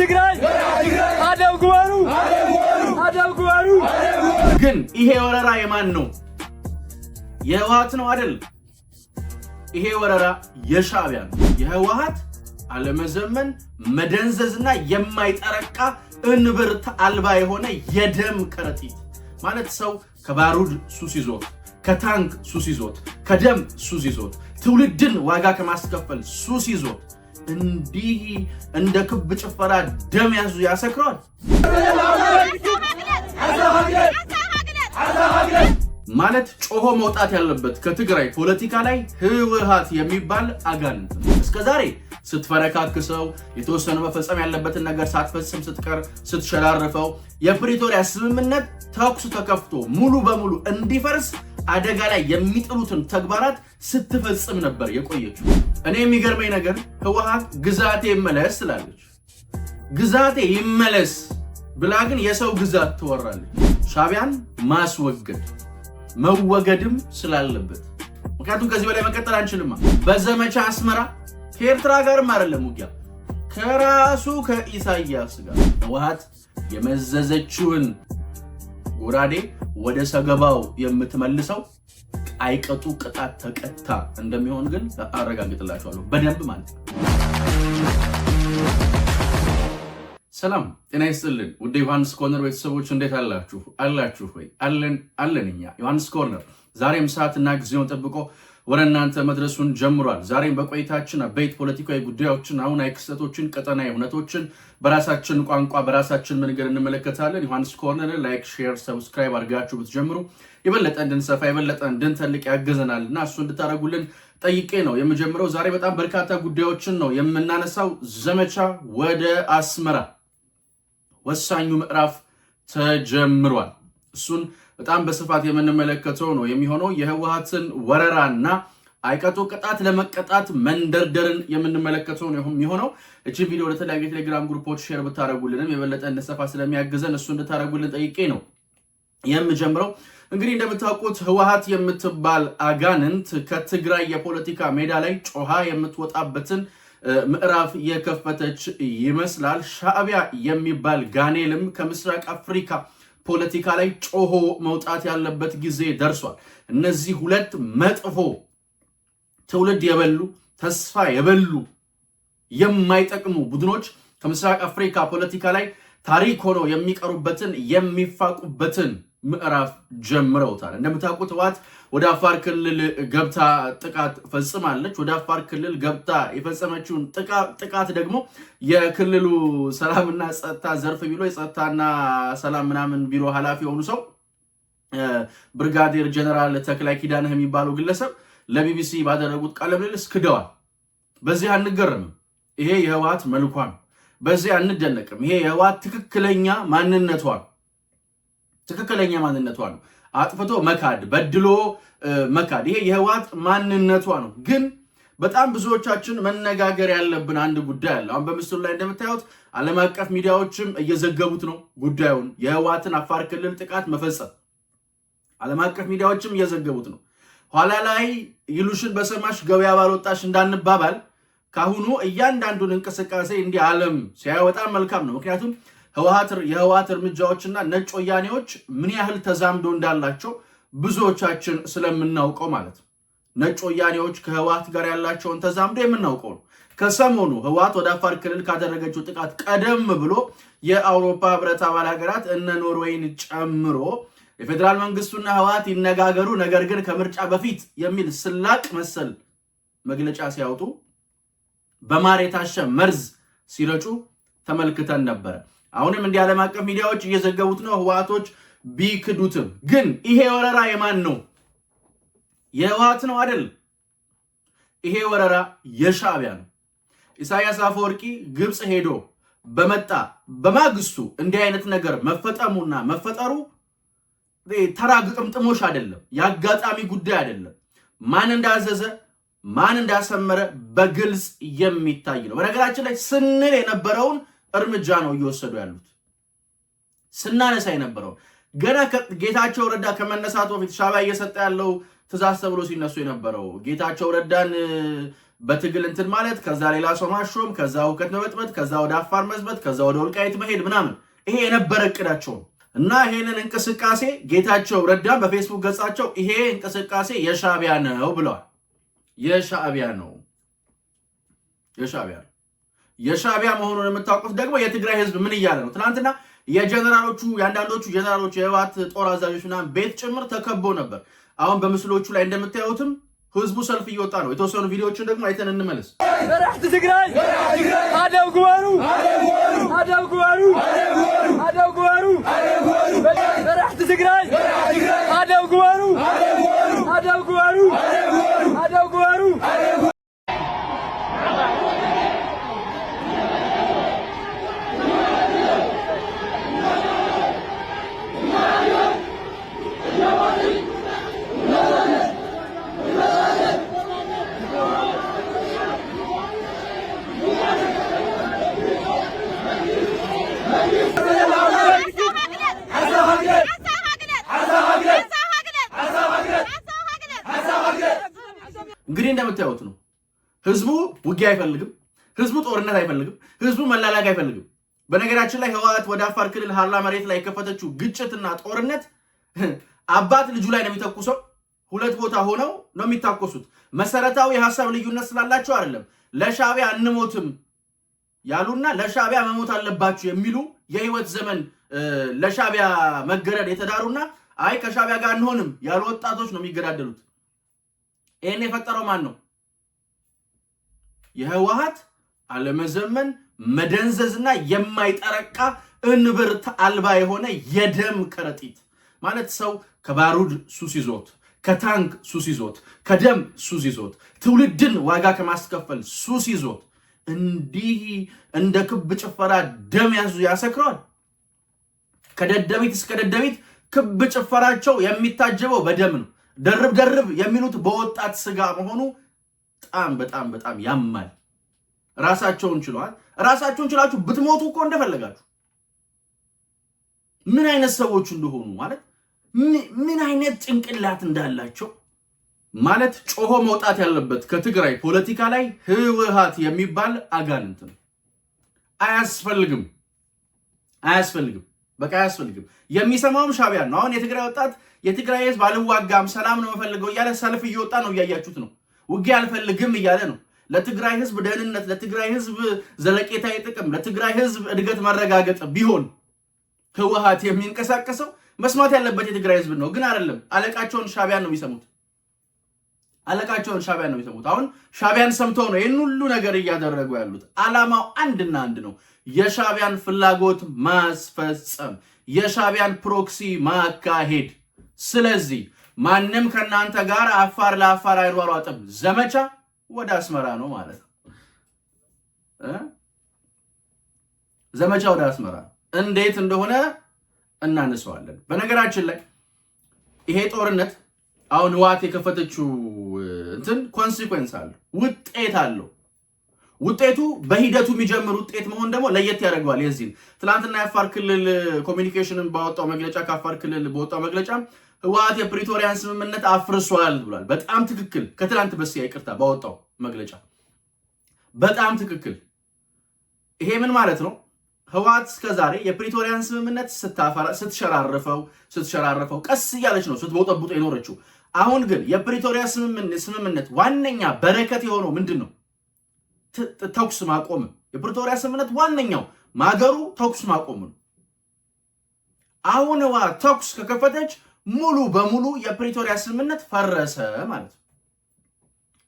ትግራይ ግን ይሄ ወረራ የማን ነው? የህወሓት ነው አይደል? ይሄ ወረራ የሻዕቢያ ነው። አለመዘመን መደንዘዝና የማይጠረቃ እንብርት አልባ የሆነ የደም ከረጢት ማለት ሰው ከባሩድ ሱስ ይዞት ከታንክ ሱስ ይዞት ከደም ሱስ ይዞት ትውልድን ዋጋ ከማስከፈል ሱስ ይዞት እንዲህ እንደ ክብ ጭፈራ ደም ያዙ ያሰክረዋል። ማለት ጮሆ መውጣት ያለበት ከትግራይ ፖለቲካ ላይ ህወሓት የሚባል አጋንንት እስከ ዛሬ ስትፈረካክሰው፣ የተወሰኑ መፈጸም ያለበትን ነገር ሳትፈጽም ስትቀር፣ ስትሸራርፈው የፕሪቶሪያ ስምምነት ተኩሱ ተከፍቶ ሙሉ በሙሉ እንዲፈርስ አደጋ ላይ የሚጥሉትን ተግባራት ስትፈጽም ነበር የቆየችው። እኔ የሚገርመኝ ነገር ህወሓት ግዛቴ ይመለስ ትላለች። ግዛቴ ይመለስ ብላ ግን የሰው ግዛት ትወራለች። ሻቢያን ማስወገድ መወገድም ስላለበት ምክንያቱም ከዚህ በላይ መቀጠል አንችልማ። በዘመቻ አስመራ ከኤርትራ ጋርም አይደለም ውጊያ ከራሱ ከኢሳያስ ጋር ህወሓት የመዘዘችውን ጎራዴ ወደ ሰገባው የምትመልሰው አይቀጡ ቅጣት ተቀታ እንደሚሆን ግን አረጋግጥላችኋለሁ በደንብ ማለት ነው። ሰላም ጤና ይስጥልን ውድ ዮሐንስ ኮርነር ቤተሰቦች እንዴት አላችሁ? አላችሁ ወይ? አለን አለን። እኛ ዮሐንስ ኮርነር ዛሬም ሰዓትና ጊዜውን ጠብቆ ወደ እናንተ መድረሱን ጀምሯል። ዛሬም በቆይታችን አበይት ፖለቲካዊ ጉዳዮችን፣ አሁናዊ ክስተቶችን፣ ቀጠናዊ እውነቶችን በራሳችን ቋንቋ በራሳችን መንገድ እንመለከታለን። ዮሐንስ ኮርነር ላይክ፣ ሼር፣ ሰብስክራይብ አድርጋችሁ ብትጀምሩ የበለጠ እንድንሰፋ የበለጠ እንድንተልቅ ያገዘናል እና እሱ እንድታደርጉልን ጠይቄ ነው የምጀምረው። ዛሬ በጣም በርካታ ጉዳዮችን ነው የምናነሳው። ዘመቻ ወደ አስመራ ወሳኙ ምዕራፍ ተጀምሯል። እሱን በጣም በስፋት የምንመለከተው ነው የሚሆነው የህወሀትን ወረራና አይቀጡ ቅጣት ለመቀጣት መንደርደርን የምንመለከተው ነው የሚሆነው። እችን ቪዲዮ ለተለያዩ የቴሌግራም ግሩፖች ሼር ብታደረጉልንም የበለጠ እንደሰፋ ስለሚያግዘን እሱ እንድታደረጉልን ጠይቄ ነው የምጀምረው። እንግዲህ እንደምታውቁት ህወሀት የምትባል አጋንንት ከትግራይ የፖለቲካ ሜዳ ላይ ጮሃ የምትወጣበትን ምዕራፍ የከፈተች ይመስላል። ሻዕቢያ የሚባል ጋኔልም ከምስራቅ አፍሪካ ፖለቲካ ላይ ጮሆ መውጣት ያለበት ጊዜ ደርሷል። እነዚህ ሁለት መጥፎ ትውልድ የበሉ ተስፋ የበሉ የማይጠቅሙ ቡድኖች ከምስራቅ አፍሪካ ፖለቲካ ላይ ታሪክ ሆነው የሚቀሩበትን የሚፋቁበትን ምዕራፍ ጀምረውታል። እንደምታውቁት ህወሓት ወደ አፋር ክልል ገብታ ጥቃት ፈጽማለች። ወደ አፋር ክልል ገብታ የፈጸመችውን ጥቃት ደግሞ የክልሉ ሰላምና ጸጥታ ዘርፍ ቢሎ የጸጥታና ሰላም ምናምን ቢሮ ኃላፊ የሆኑ ሰው ብርጋዴር ጀነራል ተክላይ ኪዳንህ የሚባለው ግለሰብ ለቢቢሲ ባደረጉት ቃለ ምልልስ ክደዋል። በዚህ አንገርምም ይሄ የህወሓት መልኳ ነው። በዚህ አንደነቅም። ይሄ የህወሓት ትክክለኛ ማንነቷ ነው። ትክክለኛ ማንነቷ ነው። አጥፍቶ መካድ፣ በድሎ መካድ፣ ይሄ የህወሓት ማንነቷ ነው። ግን በጣም ብዙዎቻችን መነጋገር ያለብን አንድ ጉዳይ አለ። አሁን በምስሉ ላይ እንደምታዩት ዓለም አቀፍ ሚዲያዎችም እየዘገቡት ነው ጉዳዩን የህወሓትን አፋር ክልል ጥቃት መፈጸም ዓለም አቀፍ ሚዲያዎችም እየዘገቡት ነው። ኋላ ላይ ይሉሽን በሰማሽ ገበያ ባልወጣሽ እንዳንባባል ካሁኑ እያንዳንዱን እንቅስቃሴ እንዲህ ዓለም ሲያ በጣም መልካም ነው። ምክንያቱም ህወሀት የህወሀት እርምጃዎችና ነጭ ወያኔዎች ምን ያህል ተዛምዶ እንዳላቸው ብዙዎቻችን ስለምናውቀው ማለት ነው። ነጭ ወያኔዎች ከህወሀት ጋር ያላቸውን ተዛምዶ የምናውቀው ነው። ከሰሞኑ ህወሀት ወደ አፋር ክልል ካደረገችው ጥቃት ቀደም ብሎ የአውሮፓ ህብረት አባል ሀገራት እነ ኖርዌይን ጨምሮ የፌዴራል መንግስቱና ህወሀት ይነጋገሩ፣ ነገር ግን ከምርጫ በፊት የሚል ስላቅ መሰል መግለጫ ሲያወጡ በማር የታሸ መርዝ ሲረጩ ተመልክተን ነበረ። አሁንም እንዲህ ዓለም አቀፍ ሚዲያዎች እየዘገቡት ነው። ህወሓቶች ቢክዱትም ግን ይሄ ወረራ የማን ነው? የህወሓት ነው አይደል? ይሄ ወረራ የሻዕቢያ ነው። ኢሳያስ አፈወርቂ ግብፅ ሄዶ በመጣ በማግስቱ እንዲህ አይነት ነገር መፈጠሙና መፈጠሩ ተራ ግጥምጥሞሽ አይደለም፣ የአጋጣሚ ጉዳይ አይደለም። ማን እንዳዘዘ ማን እንዳሰመረ በግልጽ የሚታይ ነው። በነገራችን ላይ ስንል የነበረውን እርምጃ ነው እየወሰዱ ያሉት። ስናነሳ የነበረው ገና ጌታቸው ረዳ ከመነሳቱ በፊት ሻዕቢያ እየሰጠ ያለው ትእዛዝ ተብሎ ሲነሱ የነበረው ጌታቸው ረዳን በትግል እንትን ማለት፣ ከዛ ሌላ ሰው ማሾም፣ ከዛ እውቀት መበጥበት፣ ከዛ ወደ አፋር መዝበት፣ ከዛ ወደ ወልቃይት መሄድ ምናምን፣ ይሄ የነበረ እቅዳቸው እና ይሄንን እንቅስቃሴ ጌታቸው ረዳን በፌስቡክ ገጻቸው ይሄ እንቅስቃሴ የሻዕቢያ ነው ብለዋል። የሻዕቢያ ነው የሻዕቢያ ነው። የሻቢያ መሆኑን የምታውቁት ደግሞ የትግራይ ህዝብ ምን እያለ ነው? ትናንትና የጀነራሎቹ የአንዳንዶቹ ጀነራሎች የህወሓት ጦር አዛዦች ምናምን ቤት ጭምር ተከቦ ነበር። አሁን በምስሎቹ ላይ እንደምታዩትም ህዝቡ ሰልፍ እየወጣ ነው። የተወሰኑ ቪዲዮዎችን ደግሞ አይተን እንመለስ። በረሕቲ ትግራይ አደው ግበሩ፣ አደው ግበሩ፣ አደው ግበሩ፣ በረሕቲ ትግራይ አደው ግበሩ አይፈልግም። ህዝቡ ጦርነት አይፈልግም። ህዝቡ መላላክ አይፈልግም። በነገራችን ላይ ህወሓት ወደ አፋር ክልል ሀላ መሬት ላይ የከፈተችው ግጭትና ጦርነት አባት ልጁ ላይ ነው የሚተኩሰው። ሁለት ቦታ ሆነው ነው የሚታኮሱት። መሰረታዊ የሀሳብ ልዩነት ስላላቸው አይደለም። ለሻቢያ እንሞትም ያሉና ለሻቢያ መሞት አለባችሁ የሚሉ የህይወት ዘመን ለሻቢያ መገረድ የተዳሩና አይ ከሻቢያ ጋር አንሆንም ያሉ ወጣቶች ነው የሚገዳደሉት። ይህን የፈጠረው ማን ነው? የህወሓት አለመዘመን መደንዘዝና የማይጠረቃ እንብርት አልባ የሆነ የደም ከረጢት ማለት ሰው ከባሩድ ሱስ ይዞት ከታንክ ሱስ ይዞት ከደም ሱስ ይዞት ትውልድን ዋጋ ከማስከፈል ሱስ ይዞት እንዲህ እንደ ክብ ጭፈራ ደም ያዙ ያሰክረዋል። ከደደቢት እስከ ደደቢት ክብ ጭፈራቸው የሚታጀበው በደም ነው። ደርብ ደርብ የሚሉት በወጣት ስጋ መሆኑ በጣም በጣም በጣም ያማል። ራሳቸውን ችለዋል። ራሳቸውን ችላችሁ ብትሞቱ እኮ እንደፈለጋችሁ ምን አይነት ሰዎች እንደሆኑ ማለት ምን አይነት ጭንቅላት እንዳላቸው ማለት ጮሆ መውጣት ያለበት ከትግራይ ፖለቲካ ላይ ህወሓት የሚባል አጋንንት ነው። አያስፈልግም፣ አያስፈልግም፣ በቃ አያስፈልግም። የሚሰማውም ሻቢያ ነው። አሁን የትግራይ ወጣት የትግራይ ህዝብ አልዋጋም፣ ሰላም ነው የምፈልገው እያለ ሰልፍ እየወጣ ነው፣ እያያችሁት ነው። ውጊያ አልፈልግም እያለ ነው። ለትግራይ ህዝብ ደህንነት፣ ለትግራይ ህዝብ ዘለቄታዊ ጥቅም፣ ለትግራይ ህዝብ እድገት መረጋገጥ ቢሆን ህወሓት የሚንቀሳቀሰው መስማት ያለበት የትግራይ ህዝብ ነው። ግን አይደለም። አለቃቸውን ሻቢያን ነው የሚሰሙት። አለቃቸውን ሻቢያን ነው የሚሰሙት። አሁን ሻቢያን ሰምተው ነው ይህን ሁሉ ነገር እያደረጉ ያሉት። አላማው አንድና አንድ ነው። የሻቢያን ፍላጎት ማስፈጸም፣ የሻቢያን ፕሮክሲ ማካሄድ። ስለዚህ ማንም ከእናንተ ጋር አፋር ለአፋር አይሯሯጥም ዘመቻ ወደ አስመራ ነው ማለት ነው። ዘመቻ ወደ አስመራ እንዴት እንደሆነ እናነሳዋለን። በነገራችን ላይ ይሄ ጦርነት አሁን ህወሓት የከፈተችው እንትን ኮንሲኩዌንስ አለው፣ ውጤት አለው። ውጤቱ በሂደቱ የሚጀምር ውጤት መሆን ደግሞ ለየት ያደርገዋል። የዚህን ትናንትና የአፋር ክልል ኮሚኒኬሽንን ባወጣው መግለጫ ከአፋር ክልል በወጣው መግለጫ ህወሓት የፕሪቶሪያን ስምምነት አፍርሷል ብሏል። በጣም ትክክል። ከትላንት በስቲያ ይቅርታ ባወጣው መግለጫ በጣም ትክክል። ይሄ ምን ማለት ነው? ህወሓት እስከዛሬ የፕሪቶሪያን ስምምነት ስትሸራርፈው ስትሸራርፈው ቀስ እያለች ነው ስትቦጠቡጥ የኖረችው። አሁን ግን የፕሪቶሪያ ስምምነት ዋነኛ በረከት የሆነው ምንድን ነው? ተኩስ ማቆም። የፕሪቶሪያ ስምምነት ዋነኛው ማገሩ ተኩስ ማቆም ነው። አሁን ህወሓት ተኩስ ከከፈተች ሙሉ በሙሉ የፕሪቶሪያ ስምምነት ፈረሰ ማለት ነው።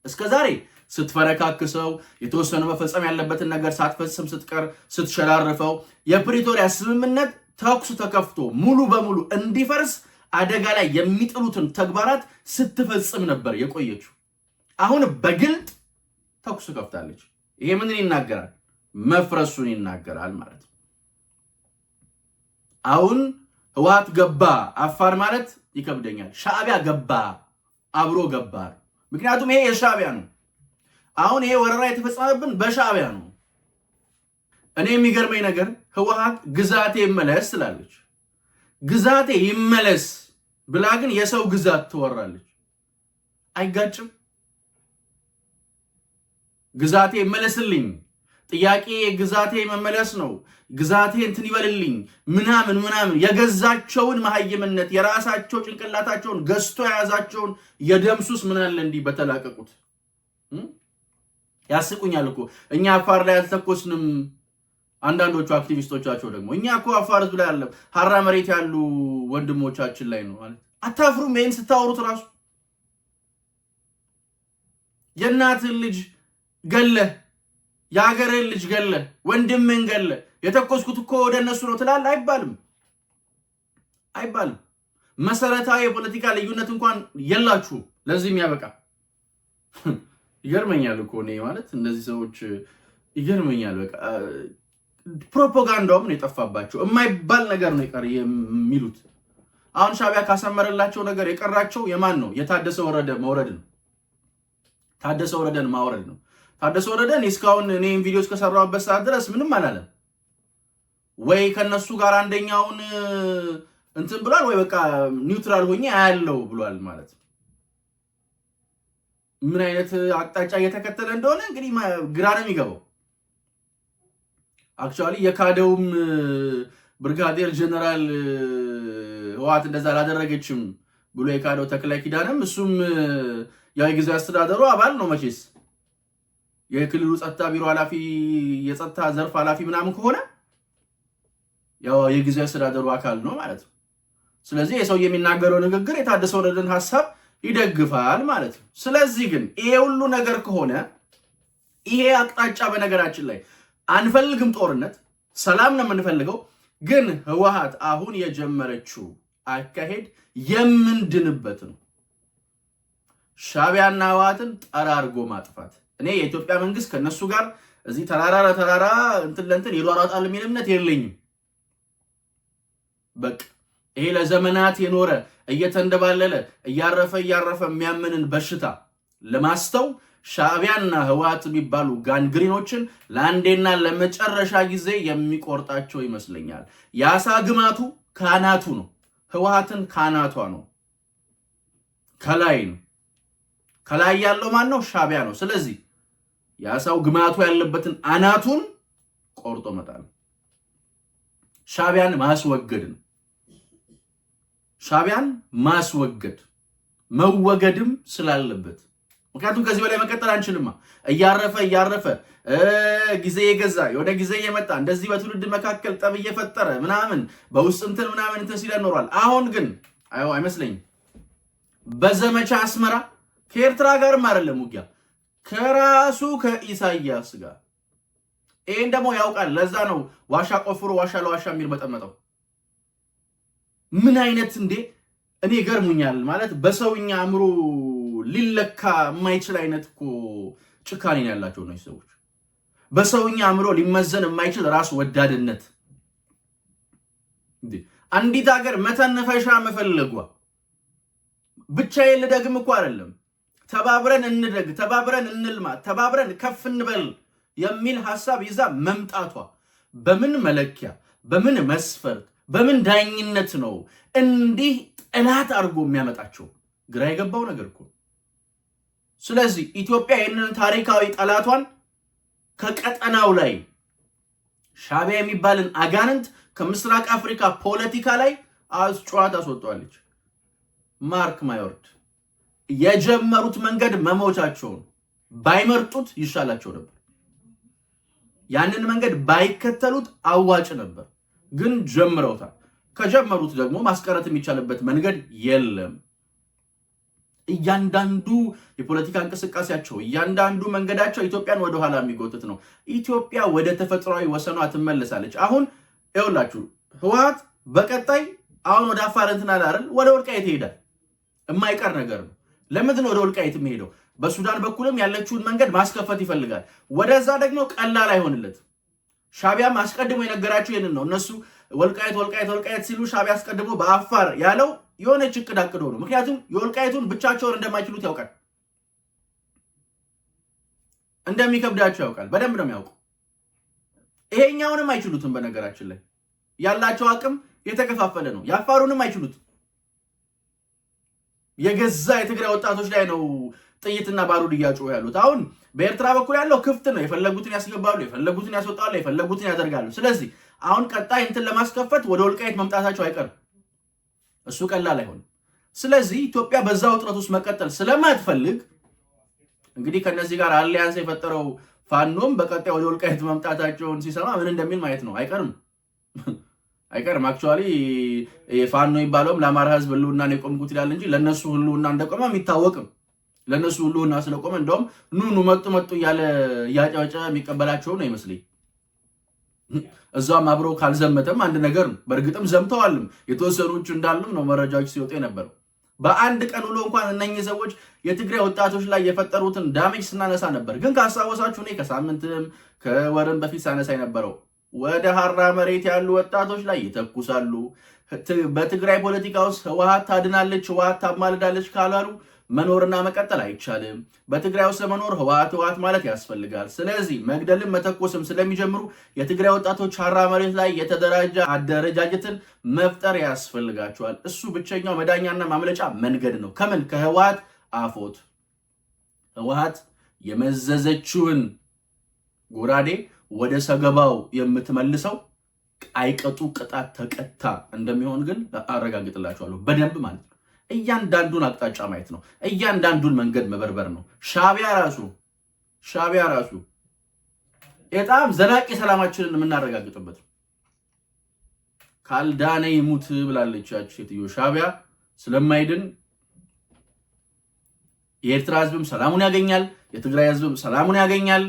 እስከ ዛሬ ስትፈረካክሰው የተወሰኑ መፈጸም ያለበትን ነገር ሳትፈጽም ስትቀር ስትሸራርፈው የፕሪቶሪያ ስምምነት ተኩሱ ተከፍቶ ሙሉ በሙሉ እንዲፈርስ አደጋ ላይ የሚጥሉትን ተግባራት ስትፈጽም ነበር የቆየችው። አሁን በግልጥ ተኩሱ ከፍታለች። ይሄ ምንን ይናገራል? መፍረሱን ይናገራል ማለት ነው። አሁን ህወሓት ገባ አፋር ማለት ይከብደኛል። ሻዕቢያ ገባ አብሮ ገባ። ምክንያቱም ይሄ የሻዕቢያ ነው። አሁን ይሄ ወረራ የተፈጸመብን በሻዕቢያ ነው። እኔ የሚገርመኝ ነገር ህወሓት ግዛቴ ይመለስ ትላለች። ግዛቴ ይመለስ ብላ ግን የሰው ግዛት ትወራለች። አይጋጭም። ግዛቴ ይመለስልኝ ጥያቄ ግዛቴ መመለስ ነው። ግዛቴ እንትን ይበልልኝ ምናምን ምናምን የገዛቸውን መሀይምነት የራሳቸው ጭንቅላታቸውን ገዝቶ የያዛቸውን የደምሱስ ምን አለ እንዲህ በተላቀቁት። ያስቁኛል እኮ እኛ አፋር ላይ አልተኮስንም። አንዳንዶቹ አክቲቪስቶቻቸው ደግሞ እኛ እኮ አፋር ህዝብ ላይ አለም ሀራ መሬት ያሉ ወንድሞቻችን ላይ ነው አታፍሩም? ይህን ስታወሩት ራሱ የእናትን ልጅ ገለህ የሀገርህን ልጅ ገለ ወንድምህን ገለ የተኮስኩት እኮ ወደ እነሱ ነው ትላል አይባልም አይባልም። መሰረታዊ የፖለቲካ ልዩነት እንኳን የላችሁም። ለዚህም ያበቃ ይገርመኛል እኮ እኔ ማለት እነዚህ ሰዎች ይገርመኛል። በቃ ፕሮፓጋንዳውም ነው የጠፋባቸው። የማይባል ነገር ነው የቀር የሚሉት። አሁን ሻቢያ ካሰመረላቸው ነገር የቀራቸው የማን ነው? የታደሰ ወረደ መውረድ ነው። ታደሰ ወረደን ማውረድ ነው። ታደሰ ወረደ እኔ እስካሁን እኔም ቪዲዮ እስከሰራሁበት ሰዓት ድረስ ምንም አላለም ወይ ከነሱ ጋር አንደኛውን እንትን ብሏል ወይ በቃ ኒውትራል ሆኜ አያለው ብሏል ማለት ምን አይነት አቅጣጫ እየተከተለ እንደሆነ እንግዲህ ግራ ነው የሚገባው አክቹዋሊ የካደውም ብርጋዴር ጀነራል ህወሓት እንደዛ አላደረገችም ብሎ የካደው ተክለ ኪዳንም እሱም ያው የጊዜያዊ አስተዳደሩ አባል ነው መቼስ የክልሉ ጸጥታ ቢሮ ኃላፊ የጸጥታ ዘርፍ ኃላፊ ምናምን ከሆነ ያው የጊዜያዊ አስተዳደሩ አካል ነው ማለት ነው። ስለዚህ የሰው የሚናገረው ንግግር የታደሰ ወረደን ሀሳብ ይደግፋል ማለት ነው። ስለዚህ ግን ይሄ ሁሉ ነገር ከሆነ ይሄ አቅጣጫ በነገራችን ላይ አንፈልግም፣ ጦርነት ሰላም ነው የምንፈልገው። ግን ህወሓት አሁን የጀመረችው አካሄድ የምንድንበት ነው። ሻቢያና ህወሓትን ጠራርጎ ማጥፋት እኔ የኢትዮጵያ መንግስት ከነሱ ጋር እዚህ ተራራ ለተራራ እንትን ለእንትን ይሯሯጣል የሚል እምነት የለኝም። በቃ ይሄ ለዘመናት የኖረ እየተንደባለለ እያረፈ እያረፈ የሚያምንን በሽታ ለማስተው ሻዕቢያና ህወሓት የሚባሉ ጋንግሪኖችን ለአንዴና ለመጨረሻ ጊዜ የሚቆርጣቸው ይመስለኛል። የአሳ ግማቱ ካናቱ ነው። ህወሓትን ካናቷ ነው፣ ከላይ ነው። ከላይ ያለው ማን ነው? ሻዕቢያ ነው። ስለዚህ የአሳው ግማቱ ያለበትን አናቱን ቆርጦ መጣል ሻቢያን ማስወገድ ነው። ሻቢያን ማስወገድ መወገድም ስላለበት ምክንያቱም ከዚህ በላይ መቀጠል አንችልማ። እያረፈ እያረፈ ጊዜ የገዛ የሆነ ጊዜ የመጣ እንደዚህ በትውልድ መካከል ጠብ እየፈጠረ ምናምን በውስጥ እንትን ምናምን እንትን ሲለ ኖሯል። አሁን ግን አይመስለኝም በዘመቻ አስመራ ከኤርትራ ጋርም አይደለም ውጊያ ከራሱ ከኢሳይያስ ጋር ይህን ደግሞ ያውቃል። ለዛ ነው ዋሻ ቆፍሮ ዋሻ ለዋሻ የሚል መጠመጠው ምን አይነት እንዴ! እኔ ገርሙኛል ማለት በሰውኛ አእምሮ ሊለካ የማይችል አይነት እኮ ጭካኔ ነው ያላቸው እነዚህ ሰዎች። በሰውኛ አእምሮ ሊመዘን የማይችል ራስ ወዳድነት። አንዲት ሀገር መተነፈሻ መፈለጓ ብቻዬን ልደግም እኮ አይደለም ተባብረን እንደግ፣ ተባብረን እንልማ፣ ተባብረን ከፍ እንበል የሚል ሐሳብ ይዛ መምጣቷ በምን መለኪያ በምን መስፈርት በምን ዳኝነት ነው እንዲህ ጠላት አድርጎ የሚያመጣቸው? ግራ የገባው ነገር እኮ። ስለዚህ ኢትዮጵያ ይህንን ታሪካዊ ጠላቷን ከቀጠናው ላይ ሻቢያ የሚባልን አጋንንት ከምስራቅ አፍሪካ ፖለቲካ ላይ አስጨዋታ አስወጣዋለች። ማርክ ማዮርድ የጀመሩት መንገድ መሞቻቸውን ባይመርጡት ይሻላቸው ነበር። ያንን መንገድ ባይከተሉት አዋጭ ነበር፣ ግን ጀምረውታል። ከጀመሩት ደግሞ ማስቀረት የሚቻልበት መንገድ የለም። እያንዳንዱ የፖለቲካ እንቅስቃሴያቸው እያንዳንዱ መንገዳቸው ኢትዮጵያን ወደኋላ የሚጎትት ነው። ኢትዮጵያ ወደ ተፈጥሯዊ ወሰኗ ትመለሳለች። አሁን ይኸውላችሁ ህወሓት በቀጣይ አሁን ወደ አፋር እንትን አለ ወደ ወልቃይት ይሄዳል። የማይቀር ነገር ነው። ለምንድን ወደ ወልቃይት የሚሄደው? በሱዳን በኩልም ያለችውን መንገድ ማስከፈት ይፈልጋል። ወደዛ ደግሞ ቀላል አይሆንለት። ሻቢያም አስቀድሞ የነገራቸው ይህንን ነው። እነሱ ወልቃይት ወልቃይት ወልቃይት ሲሉ ሻቢያ አስቀድሞ በአፋር ያለው የሆነች እቅድ አቅዶ ነው። ምክንያቱም የወልቃይቱን ብቻቸውን እንደማይችሉት ያውቃል፣ እንደሚከብዳቸው ያውቃል። በደንብ ነው የሚያውቁ። ይሄኛውንም አይችሉትም። በነገራችን ላይ ያላቸው አቅም የተከፋፈለ ነው። የአፋሩንም አይችሉትም። የገዛ የትግራይ ወጣቶች ላይ ነው ጥይትና ባሩድ እያጮሁ ያሉት። አሁን በኤርትራ በኩል ያለው ክፍት ነው። የፈለጉትን ያስገባሉ፣ የፈለጉትን ያስወጣሉ፣ የፈለጉትን ያደርጋሉ። ስለዚህ አሁን ቀጣይ እንትን ለማስከፈት ወደ ወልቃየት መምጣታቸው አይቀርም። እሱ ቀላል አይሆንም። ስለዚህ ኢትዮጵያ በዛ ውጥረት ውስጥ መቀጠል ስለማትፈልግ እንግዲህ ከነዚህ ጋር አሊያንስ የፈጠረው ፋኖም በቀጣይ ወደ ወልቃየት መምጣታቸውን ሲሰማ ምን እንደሚል ማየት ነው። አይቀርም። አይቀርም። አክቹዋሊ ፋኖ የሚባለውም ለአማራ ህዝብ ህልውና ነው የቆምኩት ይላል እንጂ ለእነሱ ህልውና እንደቆመ የሚታወቅም ለእነሱ ህልውና ስለቆመ እንደውም ኑኑ መጡ መጡ እያለ እያጫወጨ የሚቀበላቸው ነው ይመስለኝ። እዛም አብሮ ካልዘመተም አንድ ነገር ነው። በእርግጥም ዘምተዋልም የተወሰኑች እንዳሉም ነው መረጃዎች ሲወጡ የነበረው። በአንድ ቀን ውሎ እንኳን እነኚህ ሰዎች የትግራይ ወጣቶች ላይ የፈጠሩትን ዳሜጅ ስናነሳ ነበር። ግን ካስታወሳችሁ እኔ ከሳምንትም ከወርም በፊት ሳነሳ የነበረው ወደ ሀራ መሬት ያሉ ወጣቶች ላይ ይተኩሳሉ። በትግራይ ፖለቲካ ውስጥ ህወሀት ታድናለች፣ ህወሀት ታማልዳለች ካላሉ መኖርና መቀጠል አይቻልም። በትግራይ ውስጥ ለመኖር ህወሀት ህወሀት ማለት ያስፈልጋል። ስለዚህ መግደልም መተኮስም ስለሚጀምሩ የትግራይ ወጣቶች ሀራ መሬት ላይ የተደራጀ አደረጃጀትን መፍጠር ያስፈልጋቸዋል። እሱ ብቸኛው መዳኛና ማምለጫ መንገድ ነው። ከምን ከህወሀት አፎት ህወሀት የመዘዘችውን ጎራዴ ወደ ሰገባው የምትመልሰው አይቀጡ ቅጣት ተቀታ እንደሚሆን ግን አረጋግጥላችኋለሁ። በደንብ ማለት ነው። እያንዳንዱን አቅጣጫ ማየት ነው። እያንዳንዱን መንገድ መበርበር ነው። ሻቢያ ራሱ ሻቢያ ራሱ በጣም ዘላቂ ሰላማችንን የምናረጋግጥበት ካልዳነ ይሙት ብላለች ያች ሴትዮ። ሻቢያ ስለማይድን የኤርትራ ህዝብም ሰላሙን ያገኛል፣ የትግራይ ህዝብም ሰላሙን ያገኛል።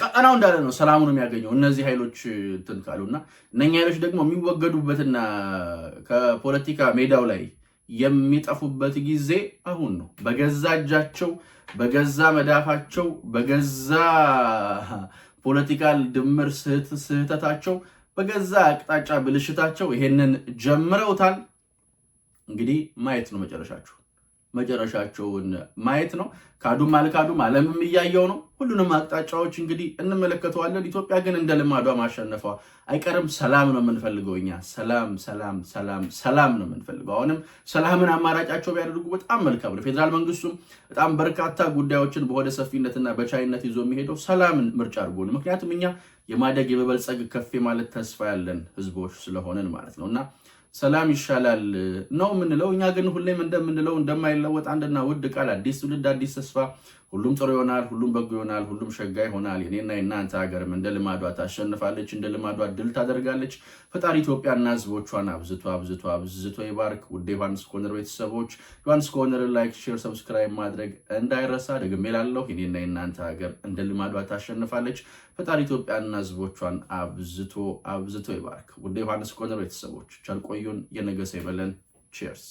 ቀጠናው እንዳለ ነው ሰላሙን የሚያገኘው እነዚህ ኃይሎች እንትን እና እነኛ ኃይሎች ደግሞ የሚወገዱበትና ከፖለቲካ ሜዳው ላይ የሚጠፉበት ጊዜ አሁን ነው። በገዛ እጃቸው፣ በገዛ መዳፋቸው፣ በገዛ ፖለቲካል ድምር ስህተታቸው፣ በገዛ አቅጣጫ ብልሽታቸው ይሄንን ጀምረውታል። እንግዲህ ማየት ነው መጨረሻቸው። መጨረሻቸውን ማየት ነው። ካዱም አልካዱም ዓለምም እያየው ነው። ሁሉንም አቅጣጫዎች እንግዲህ እንመለከተዋለን። ኢትዮጵያ ግን እንደ ልማዷ ማሸነፏ አይቀርም። ሰላም ነው የምንፈልገው እኛ ሰላም ሰላም ሰላም ሰላም ነው የምንፈልገው። አሁንም ሰላምን አማራጫቸው ቢያደርጉ በጣም መልካም ነው። ፌዴራል መንግስቱም በጣም በርካታ ጉዳዮችን በሆደ ሰፊነትና በቻይነት ይዞ የሚሄደው ሰላምን ምርጫ አድርጎ ነው። ምክንያቱም እኛ የማደግ የመበልጸግ ከፍ ማለት ተስፋ ያለን ህዝቦች ስለሆነን ማለት ነው እና ሰላም ይሻላል ነው የምንለው። እኛ ግን ሁሌም እንደምንለው እንደማይለወጥ አንድና ውድ ቃል አዲስ ትውልድ አዲስ ተስፋ፣ ሁሉም ጥሩ ይሆናል፣ ሁሉም በጎ ይሆናል፣ ሁሉም ሸጋ ይሆናል። የኔና የናንተ ሀገርም እንደ ልማዷ ታሸንፋለች፣ እንደ ልማዷ ድል ታደርጋለች። ፈጣሪ ኢትዮጵያና ህዝቦቿን አብዝቶ አብዝቶ አብዝቶ ይባርክ። ውድ ዮሐንስ ኮርነር ቤተሰቦች ዮሐንስ ኮርነር ላይክ፣ ሼር፣ ሰብስክራይብ ማድረግ እንዳይረሳ። ደግሜ እላለሁ የኔና የናንተ ሀገር እንደ ልማዷ ታሸንፋለች። ፈጣሪ ኢትዮጵያና ህዝቦቿን አብዝቶ አብዝቶ ይባርክ። ውድ ዮሐንስ ኮርነር ቤተሰቦች ቸር ቆዩ። ቆዩን። የነገሰ ይበለን። ቼርስ